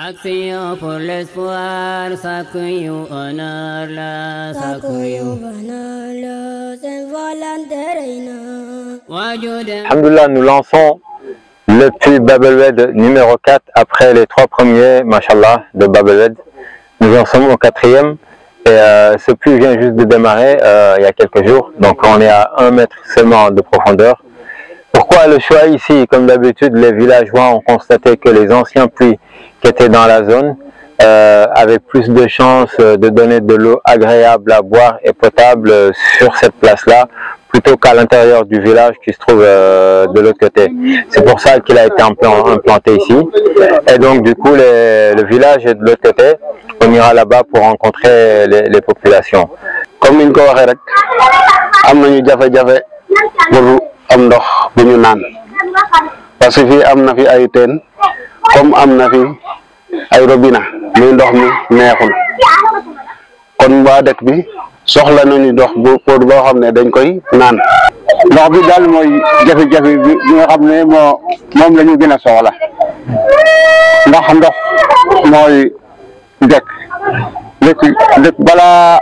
Action pour l'espoir, Alhamdulillah, nous lançons le puits Babelwed numéro 4 après les trois premiers, machallah de Babelwed. Nous en sommes au quatrième et euh, ce puits vient juste de démarrer euh, il y a quelques jours, donc on est à 1 mètre seulement de profondeur. Pourquoi le choix ici Comme d'habitude, les villageois ont constaté que les anciens puits qui était dans la zone euh, avait plus de chances euh, de donner de l'eau agréable à boire et potable euh, sur cette place-là plutôt qu'à l'intérieur du village qui se trouve de l'autre côté. C'est pour ça qu'il a été implanté ici. Et donc du coup, le village est de l'autre côté. On ira là-bas pour rencontrer les, populations. Comme une comme ay robina muy ndox mi neexul kon wa dëkk bi soxla nañu ndox bu pour boo xam ne dañ koy naan ndox bi daal mooy jafe-jafe bi bi nga xam ne moo moom la ñu gën a soxla ndax ndox mooy dëkk dëkk dëkk balaa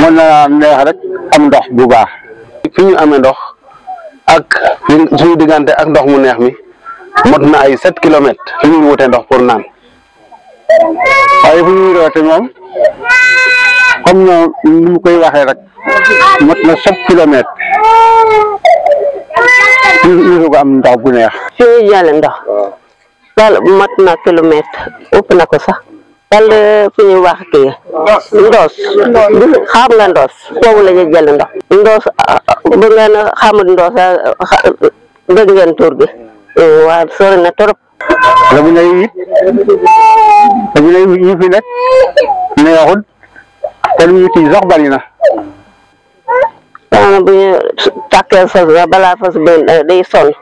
mën na neex rek am ndox bu baax fi ñu amee ndox ak suñu diggante ak ndox mu neex mi mot na ay sept kilomètres fi ñuy wutee ndox pour naan waaye fu ñuy roote moom comme ñoom ni koy waxee rek mot na sept kilomètres ñu ñu ko am ndox bu neex. fi ñuy jëlee ndox loolu mot na ndox ndoos ah, ah, ba ngeen xamul ndoos ah, dëgg ngeen tur bi. waaw sori na torop la lay it la lay yi fi nekk neexul te lu ñu ci sax bari na sama bu ñu tàkkee fas ga balaa fas ba day sonn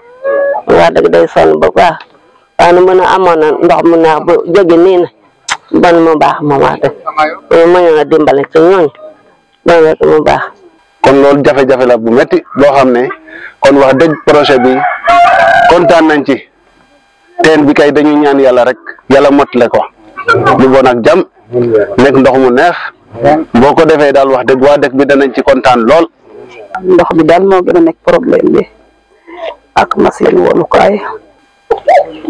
waa dëgg day sonn ba baax waaye nu mën a ndox mu neex bu na ban mu ci mu kon jafe-jafe la bu metti boo xam ne kon wax deug projet bi kontan nañ ci ten bi kay dañuy ñaan yalla rek yalla motale ko lu bon ak jam nek ndox mu neex boko ko dal wax deug wa dëkk bi dañ ci kontan lol. ndox bi dal mo gëna nek problème bi ak machine kay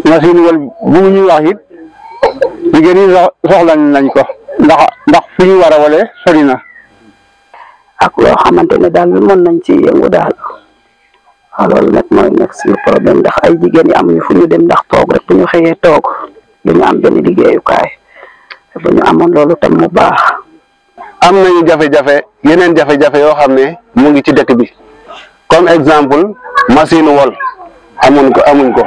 machine wol bu ñu wax it jigéen gëni soxla nañ ko ndax ndax fi ñu wara wolé sori na. ak lo xamantene dal mën nañ ci yëngu dal waaw mooy nag suñu problème ndax ay jigéen yi fu ñu dem ndax toog rek bu ñu xëyee toog duñu am benn liggéeyukaay te bu ñu amoon loolu tam mu baax. am nañu jafe-jafe yeneen jafe-jafe yoo xam ne mu ngi ci dëkk bi comme exemple machine wol amuñ ko amuñ ko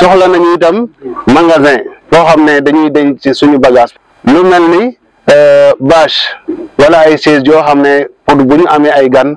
soxla nañu itam magasin boo xam ne dañuy deñ ci suñu bagage lu mel ni bâche euh, wala ay chaise yoo xam ne pour bu ñu amee ay gan.